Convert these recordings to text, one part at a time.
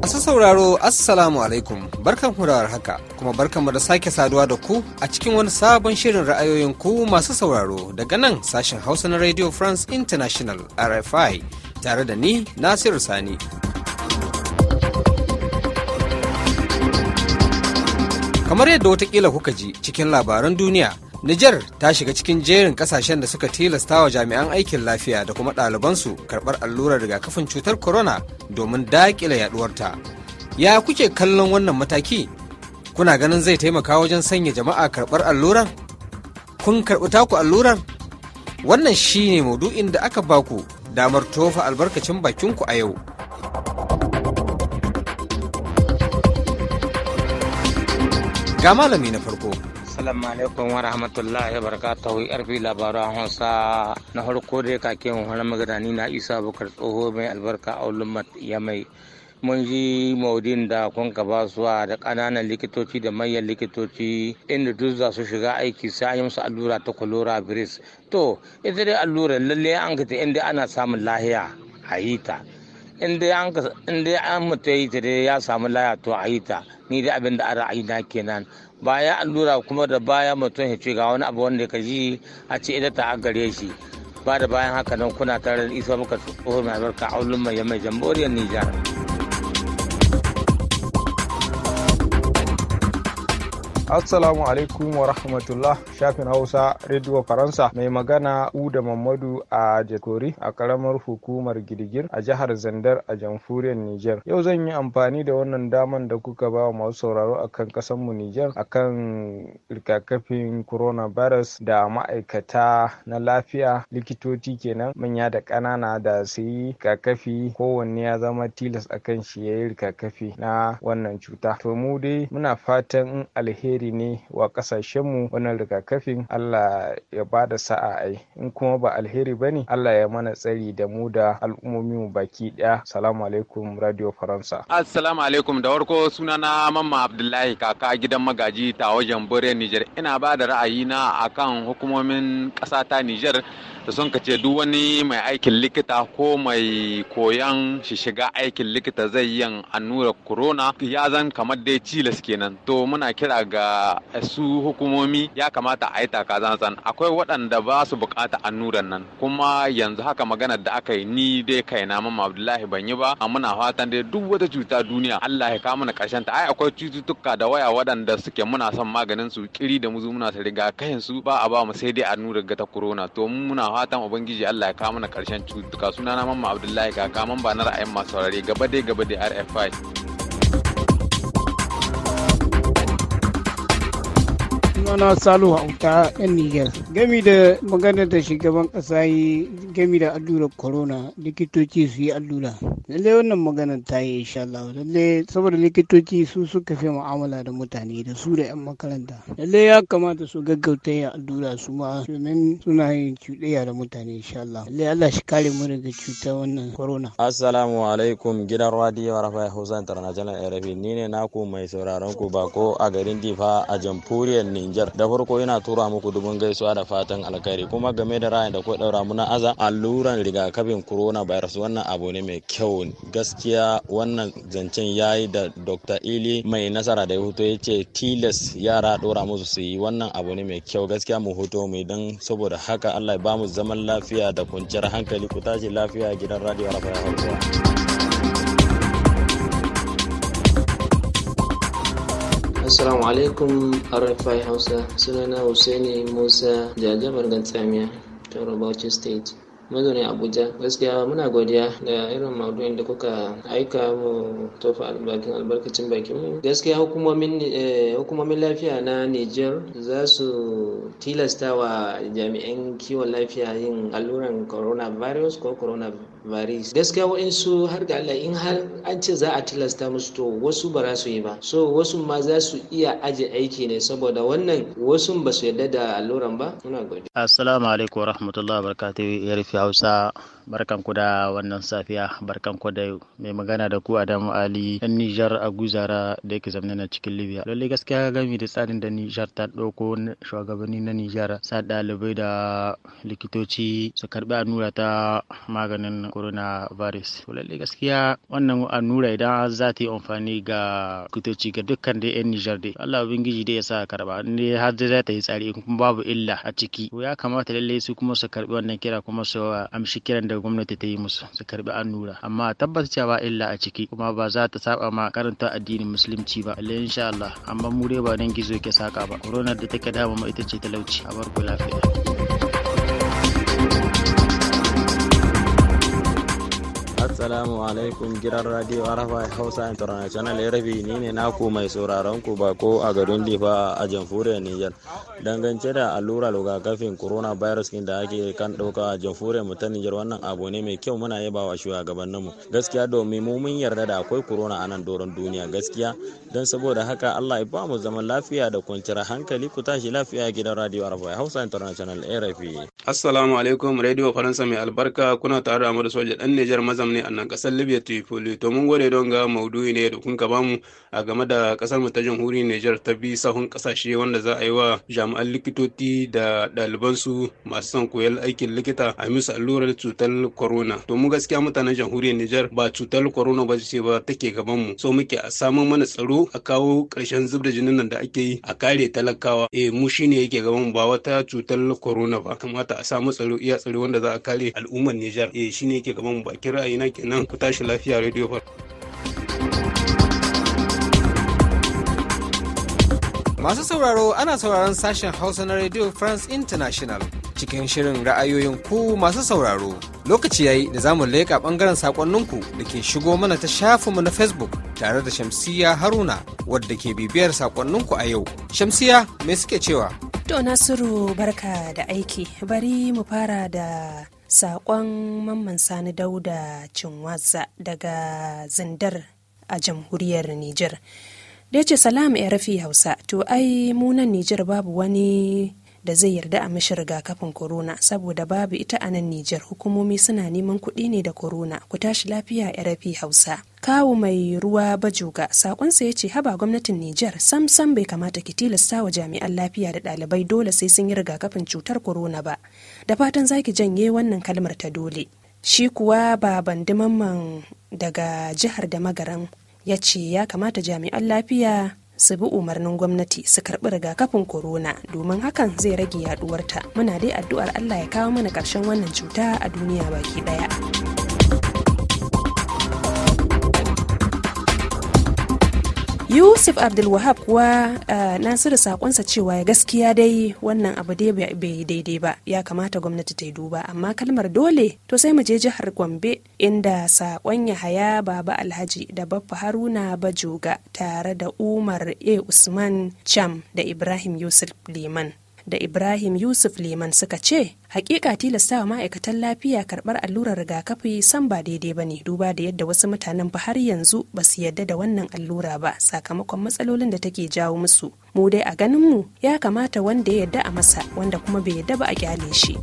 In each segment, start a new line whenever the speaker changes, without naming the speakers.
Masu sauraro Assalamu alaikum barkan hurawar haka kuma barkan da sake saduwa da ku a cikin wani sabon shirin ra'ayoyin ku masu sauraro daga nan sashen Hausa na Radio France International RFI tare da ni Nasiru Sani. Kamar yadda watakila kuka ji cikin labaran duniya Nijar ta shiga cikin jerin kasashen da suka tilasta wa jami'an aikin lafiya da kuma ɗalibansu karɓar allurar rigakafin cutar corona domin daƙile yaduwarta. Ya kuke kallon wannan mataki? Kuna ganin zai taimaka wajen sanya jama'a karɓar allurar? Kun karɓi taku allurar? Wannan shi ne maudu'in da aka baku damar tofa albarkacin bakinku a yau. Ga malami na farko.
Assalamu alaikum wa rahmatullahi wa barakatuhu yarfi labaran Hausa na da ka kakin wani magadani na Isa Bukar tsoho mai albarka a ulummat ya mai mun ji maudin da kun ba suwa da kananan likitoci da manyan likitoci inda duk za su shiga aiki sai an yi musu allura ta kolora biris to ita dai allura lalle an ka ta inda ana samun lahiya a yi ta inda an mutu ya yi ta dai ya samu lahiya to a yi ta ni da abin da a na kenan bayan allura kuma da baya mutum ya ce ga wani abu wanda ka ji a ce idan ta gare shi ba da bayan haka nan kuna tare da isa muka tsohon mai albarka a mai mai jamhuriyar nijar.
Assalamu alaikum wa rahmatullah shafin Hausa Radio Faransa mai magana Uda Mamadu a Jakori a karamar hukumar Girgir a jihar Zandar a jamhuriyar Nijar. Yau zan yi amfani da wannan daman da kuka ba wa masu sauraro akan kasanmu Nijar akan rigakafin coronavirus da ma'aikata na lafiya likitoci kenan manya da ƙanana da su yi rigakafi kowanne ya zama tilas akan shi ya yi rigakafi na wannan cuta. To mu dai muna fatan alheri alheri ne wa kasashenmu wannan rigakafin Allah ya ba da sa'a ai in kuma ba alheri ba ne Allah ya mana tsari da mu da al'ummomin mu baki ɗaya salamu alaikum radio faransa assalamu alaikum da warko sunana mamma abdullahi kaka gidan magaji ta wajen bore niger ina ba da ra'ayi ra'ayina akan hukumomin ƙasa ta niger da sun kace duk wani mai aikin likita ko mai koyan shi shiga aikin likita zai yin annurar corona ya zan kamar dai cilas kenan to muna kira ga su hukumomi ya kamata a yi takazantsan akwai waɗanda ba su bukata annuran nan kuma yanzu haka maganar da aka yi ni dai kai na mamma abdullahi ban yi ba a muna fatan dai duk wata cuta duniya Allah ya kawo mana karshen ta ai akwai cututtuka da waya waɗanda suke muna son maganin su kiri da muzu muna sa riga kayan su ba a ba mu sai dai annurar ga ta corona to muna fatan ubangiji Allah ya kawo mana karshen cututtuka sunana mamma abdullahi kaka mamba na ra'ayin masu saurare gaba dai gaba dai RFI
sunana salihu hauta yan niger gami da maganar da shugaban kasa yi gami da allurar corona likitoci su yi allura lallai wannan maganar ta yi insha Allah lallai saboda likitoci su suka fi mu'amala da mutane da su da 'yan makaranta
lallai ya kamata su
gaggauta ya allura su ma domin suna yin cuɗaya da mutane insha Allah lallai Allah shi kare mu daga cutar wannan corona
assalamu alaikum gidan radio rafa hausa international arabi ni ne naku mai sauraron ku ba ko a garin difa a jamhuriyar niger da farko ina tura muku dubun gaisuwa da fatan alkhairi kuma game da ra'ayin da ku daura muna aza alluran rigakafin corona virus wannan abu ne mai kyau ne gaskiya wannan zancen ya yi da dr ili mai nasara da ya hoto ya ce tilas yara dora musu su yi wannan abu ne mai kyau gaskiya mu hoto mu don saboda haka allah ya bamu zaman lafiya da kwanciyar hankali ku tashi lafiya gidan radio rafa hausa
Assalamu alaikum RFI Hausa sunana Hussaini Musa jajabar Gantsamiya ta Bauchi State. mazauna abuja gaskiya muna godiya da irin maudu'in da kuka aika mu tofa albarkacin albarkacin bakin mu gaskiya hukumomin eh, hukumomin lafiya na niger za su tilasta wa jami'an kiwon lafiya yin alluran coronavirus ko corona maris gaskiya wa'insu har ga Allah in har an ce za a tilasta musu to wasu ba za su yi ba so wasu ma za su iya aje aiki ne saboda wannan wasu ba su yarda da alluran ba muna gode assalamu alaikum warahmatullahi wabarakatuh ya rufe hausa barkan ku da wannan safiya barkan ku da yau mai magana da ku Adamu Ali dan Nijar a Guzara da yake zamana na cikin Libya lalle gaskiya gami da tsarin da Nijar ta dauko shugabanni na Nijar sa dalibai da likitoci su karbi annura ta maganin coronavirus lalle gaskiya wannan annura idan za ta yi amfani ga likitoci ga dukkan da yan Nijar dai Allah ubangiji da ya sa karba ne har za ta yi tsari kuma babu illa a ciki ya kamata lalle su kuma su karbi wannan kira kuma su amshi kiran da da gwamnati ta yi musu su karbi annura amma tabbas cewa illa a ciki kuma ba za ta saba ma karanta addinin musulunci ba lalle insha Allah amma mu dai ba nan gizo ke saka ba corona da take dama ita ce talauci a barku lafiya
assalamu alaikum gidan radio arafa hausa international rabi ni ne naku mai sauraron ku ba ko a garin difa a jamhuriyar niger dangance da allurar rigakafin coronavirus din da ake kan ɗauka a jamhuriyar mu ta niger wannan abu ne mai kyau muna yaba wa shugabannin mu gaskiya domin mu mun yarda da akwai corona a nan doron duniya gaskiya don saboda haka allah ya ba mu zaman lafiya da kwanciyar hankali ku tashi lafiya gidan radio arafa hausa international rabi.
Assalamu alaikum Radio Faransa mai albarka kuna tare da Amadu Soja dan Nijar mazamne ne a nan kasar Libya Tripoli to mun gode don ga maudu'i ne da kun ka bamu a game da kasar mu ta jamhuriyar Nijar ta bi sahun kasashe wanda za a yi wa jami'an likitoci da ɗaliban su masu son koyar aikin likita a musu allurar cutar corona to mu gaskiya mutanen jamhuriyar Nijar ba cutar corona ba ce ba take gaban mu so muke a samun mana tsaro a kawo ƙarshen zub da jinin nan da ake yi a kare talakawa eh mu shine yake gaban mu ba wata cutar corona ba kamata kamata a samu tsaro iya tsaro wanda za a kare al'ummar Nijar eh shine yake gaban mu bakin ra'ayina kenan ku tashi lafiya radio far
Masu sauraro ana sauraron sashen Hausa na Radio France International cikin shirin ra'ayoyin ku masu sauraro. Lokaci yayi da zamu leƙa ɓangaren sakonninku da ke shigo mana ta shafinmu na Facebook tare da Shamsiya Haruna wadda ke bibiyar sakonninku a yau. Shamsiya me suke cewa?
To Nasiru barka da aiki bari mu fara da saƙon mamman sani dauda cinwaza daga zindar a jamhuriyar Nijar. Da ce salam ya rafi Hausa, to ai munan Nijar babu wani da zai yarda a mishi rigakafin corona saboda babu ita a nan Nijar hukumomi suna neman kuɗi ne da corona ku tashi lafiya rafi Hausa. Kawu mai ruwa bajuga sakonsa ya ce haba gwamnatin Nijar sam sam bai kamata ki tilasta wa jami'an lafiya da ɗalibai dole sai sun yi rigakafin cutar corona ba. Da fatan za ki janye wannan kalmar ta dole. Shi kuwa baban daga jihar da magaran ya ce ya kamata jami'an lafiya su bi umarnin gwamnati su karɓi rigakafin corona domin hakan zai rage yaduwarta muna dai addu'ar allah ya kawo mana ƙarshen wannan cuta a duniya baki ɗaya. yusuf abdulwahab kuwa eh, nasiru sakonsa cewa ya gaskiya dai wannan abu dai bai daidai ba ya kamata gwamnati ta yi duba amma kalmar dole to sai mu je jihar gombe inda sakon yahaya baba alhaji da baffa haruna bajoga tare da umar a usman cham da ibrahim yusuf liman da ibrahim yusuf liman suka ce hakika tilastawa ma'aikatan lafiya karɓar allurar rigakafi san ba daidai ba ne duba da yadda wasu mutanen ba har yanzu ba su yadda da wannan allura ba sakamakon matsalolin da take jawo musu mu dai a ganinmu ya kamata wanda ya yadda a masa wanda kuma bai yadda ba a kyale shi.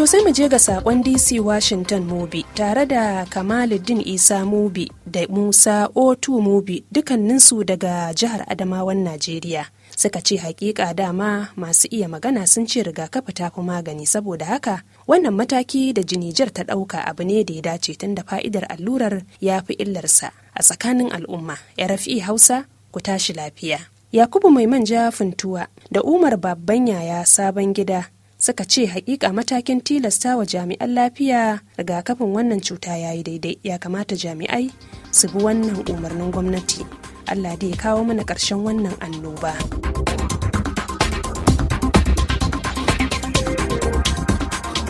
To sai mu je ga saƙon DC Washington Mobi tare da Kamaluddin Isa Mobi da Musa O2 Mobi dukkaninsu daga jihar Adamawan Najeriya. Suka ce hakika dama masu iya magana sun ce rigakafi ta fi magani saboda haka wannan mataki da jinijar ta ɗauka abu ne da ya dace tun da fa'idar allurar ya fi illarsa a tsakanin al'umma. RFI e Hausa ku tashi lafiya. Yakubu Mai Manja Funtuwa da Umar Babban Yaya Sabon Gida suka ce hakika matakin tilasta wa jami'an lafiya rigakafin wannan cuta ya yi daidai ya kamata jami'ai su bi wannan umarnin gwamnati allah da ya kawo mana ƙarshen wannan annoba.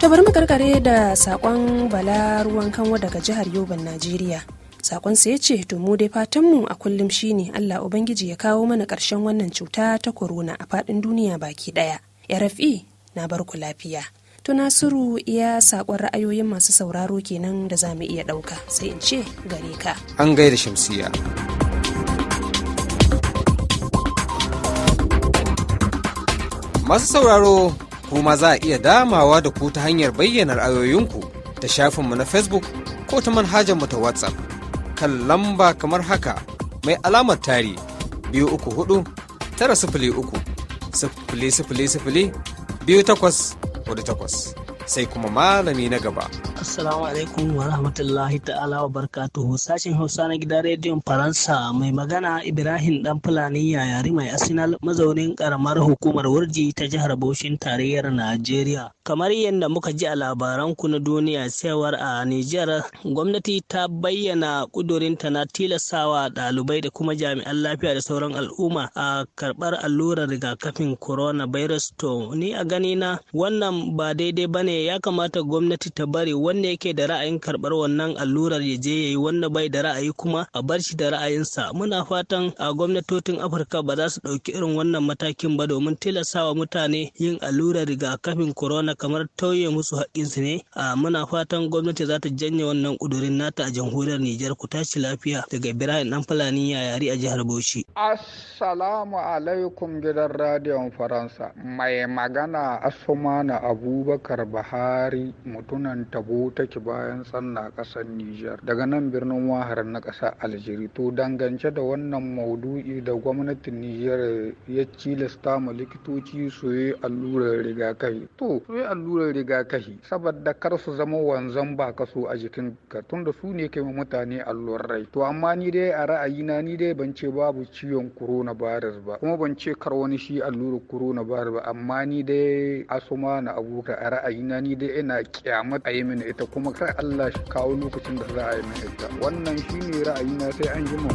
ta bari makarkare da saƙon bala ruwan kanwa daga jihar Yoban Najeriya. Sakon sa ce to mu dai fatanmu a kullum shine Allah ubangiji ya kawo mana ƙarshen wannan cuta ta corona a faɗin duniya baki ɗaya RFI e na barku lafiya to nasiru iya saƙon ra'ayoyin masu sauraro kenan da za mu iya ɗauka sai in ce gare ka
an gaida shamsiya masu sauraro kuma za a iya damawa da ku ta hanyar bayyana ra'ayoyinku ta shafinmu na facebook ko ta manhajar mu ta whatsapp kan lamba kamar haka mai alamar tari biyu uku hudu tara sifili uku sifili sifili sifili biyu takwas hudu takwas sai kuma malami na gaba
Assalamu alaikum wa rahmatullahi ta'ala wa barkatuhu sashen Hausa na gidan rediyon Faransa mai magana Ibrahim Dan Fulani yayari mai Arsenal mazaunin karamar hukumar Wurji ta jihar Bauchin tarayyar Najeriya. Kamar yadda muka ji a labaran ku na duniya cewar a Niger, gwamnati ta bayyana kudurinta na tilasawa ɗalibai da kuma jami'an lafiya da sauran al'umma a karbar allurar rigakafin corona, coronavirus to ni a gani na? wannan ba daidai bane ya kamata gwamnati ta bari wanda yake da ra'ayin karɓar wannan allurar ya je ya yi wanda bai da ra'ayi kuma a bar shi da ra'ayinsa muna fatan a gwamnatocin afirka ba za su ɗauki irin wannan matakin ba domin tilastawa mutane yin allurar rigakafin corona kamar tauye musu haƙƙinsu ne a muna fatan gwamnati za ta janye wannan ƙudurin nata a jamhuriyar nijar ku tashi lafiya daga ibrahim dan fulani yayari a jihar bauchi
assalamu alaikum gidan radiyon faransa mai magana asumana abubakar buhari mutunan tabo take bayan tsanna kasar Nijar daga nan birnin Wahar na ƙasar Algeria. To dangance da wannan maudu'i da gwamnatin Nijar ya cilasta ma likitoci su yi allurar rigakafi. To su yi allurar rigakafi saboda kar su zama wanzan ba kaso a jikin ka tunda su ne kai mutane rai. To amma ni dai a ra'ayina ni dai ban ce babu ciwon virus ba kuma ban ce kar wani shi allurar virus ba amma ni dai asuma na abuka a ra'ayina ni dai ina kyamata a yi mini ita kuma kai Allah shi kawo lokacin da za a yi mai ita wannan shine ra'ayina sai an ji mu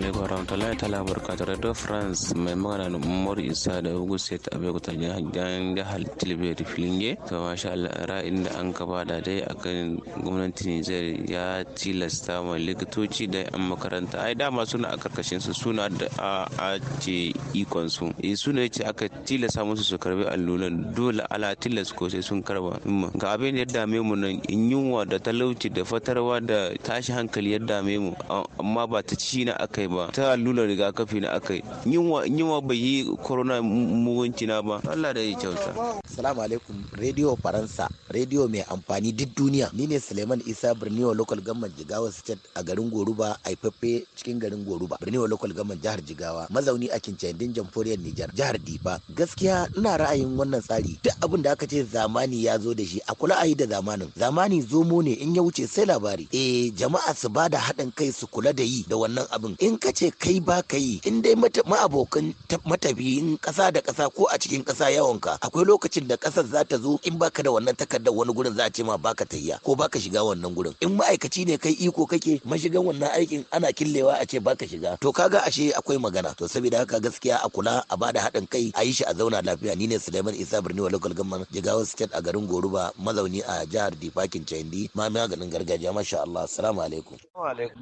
alaikum warahmatullahi ta'ala barkatu radio france mai magana umar isa da ugu sai ta abai kuta jan jihar tilbe da filinge to masha allah ra'ayin da an kaba da dai akan gwamnatin nijar ya tilasta ma likitoci da yan makaranta ai dama suna a karkashin su suna da a ce ikon su e eh, suna yace aka tilasta musu su karbi allulan dole ala tilas ko sai sun karba ga abin da ya dame mu nan yunwa da talauci da fatarwa da tashi hankali ya dame mu amma ba ta ci na aka ba ta allurar rigakafi na aka yi wa bai yi corona mugunci na ba Allah da ya kyauta
salamu alaikum radio faransa radio mai amfani duk duniya ni ne suleiman isa birniwa local government jigawa state a garin goruba haifaffe cikin garin goruba birniwa local government jihar jigawa mazauni a kincayindin jamhuriyar nijar jihar difa gaskiya ina ra'ayin wannan tsari duk abin da aka ce zamani ya zo da shi a kula a yi da zamanin zamani zomo ne in ya wuce sai labari eh jama'a su ba da haɗin kai su kula da yi da wannan abin in ka ce kai ba ka yi in dai ma'abokan matafiyin kasa da kasa ko a cikin ƙasa yawanka akwai lokacin da kasar za ta zo in baka da wannan takardar wani gurin za a ce ma baka tayya ko baka shiga wannan gurin in ma'aikaci ne kai iko kake mashigan wannan aikin ana killewa a ce baka shiga to kaga ashe akwai magana to saboda haka gaskiya a kula a bada haɗin kai a yi shi a zauna lafiya ni ne Suleiman Isa Birni wa Local Government Jigawa State a garin Goruba mazauni a jihar Difakin Chindi ma maganin gargajiya masha Allah assalamu alaikum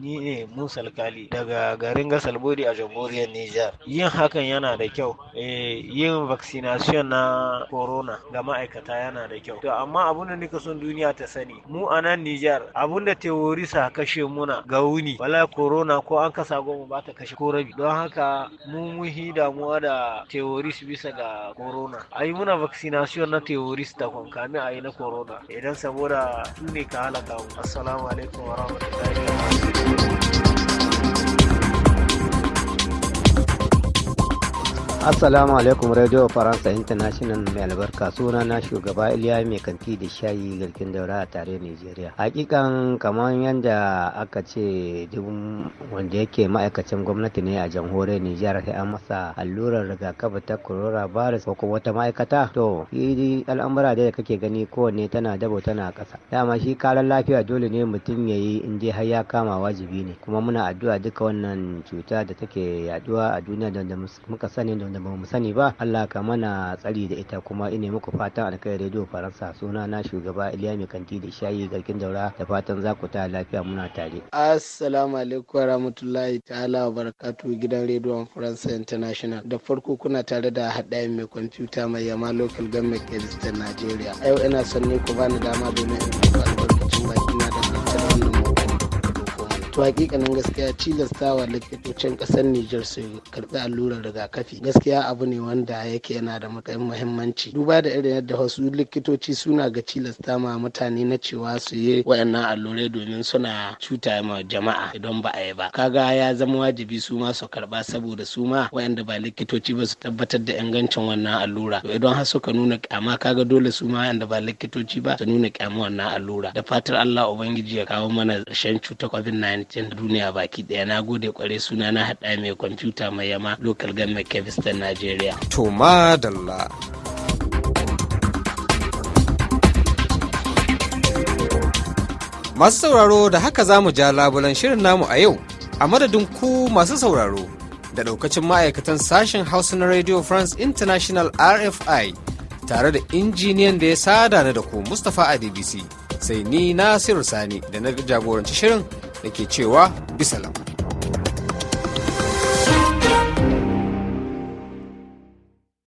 ni ne Musa Alkali daga garin gasar bodi a jamhuriyar Nijar. Yin hakan yana da kyau. Eh, yin vaccination na corona ga ma'aikata yana da kyau. To amma abunda nika son duniya ta sani mu a nan Nijar abun da teorisa kashe muna ga wuni wala corona ko an kasa goma ba ta kashe ko rabi. Don haka mu muhi damuwa da teoris bisa ga corona. A yi muna vaccination na teoris ta kwankami a yi na corona. Idan saboda su ne ka halaka mu. Assalamu alaikum wa rahmatullahi wa barakatuh. Assalamu alaikum Radio Faransa International mai albarka suna na shugaba Iliya mai kanti da shayi garkin daura a tare Nigeria. Hakikan kamar yadda aka ce duk wanda yake ma'aikacin gwamnati ne a jamhuriyar Nijar sai an masa allurar rigakafi ta virus ko wata ma'aikata to yi al'amura da kake gani kowanne tana dabo tana kasa Dama shi karar lafiya dole ne mutum ya yi in dai har ya kama wajibi ne kuma muna addu'a duka wannan cuta da take yaduwa a duniya da muka sani da da ba mu sani ba Allah ka mana tsari da ita kuma ina muku fatan alkai radio faransa suna na shugaba Iliya mai kanti da shayi garkin daura da fatan za ku ta lafiya muna tare. Assalamu alaikum wa rahmatullahi ta'ala wa barakatuhu gidan rediyon Faransa International. Da farko kuna tare da haɗayen mai kwamfuta mai yama local government ke Najeriya. A yau ina son ne ku bani dama domin in to hakikanin gaskiya cilastawa likitocin kasar Nijar su karɓi allurar rigakafi gaskiya abu ne wanda yake yana da matsayin muhimmanci duba da irin yadda wasu likitoci suna ga cilasta ma mutane na cewa su yi wayannan allurai domin suna cuta ma jama'a idan ba a yi ba kaga ya zama wajibi su ma su karba saboda su ma wayanda ba likitoci ba su tabbatar da ingancin wannan allura to idan har suka nuna kyama kaga dole su ma wayanda ba likitoci ba su nuna kyama wannan allura da fatar Allah ubangiji ya kawo mana ƙarshen cutar covid-19 can duniya baki daya na gode kware suna na hada mai kwamfuta mai yama local government kebistan nigeria to
madalla masu sauraro da haka za mu ja labulan shirin namu a yau a madadin ku masu sauraro da daukacin ma'aikatan sashen hausa na radio france international rfi tare da injiniyan da ya sada na da ku mustapha adbc sai ni nasiru sani da na jagoranci shirin da ke cewa bisalam.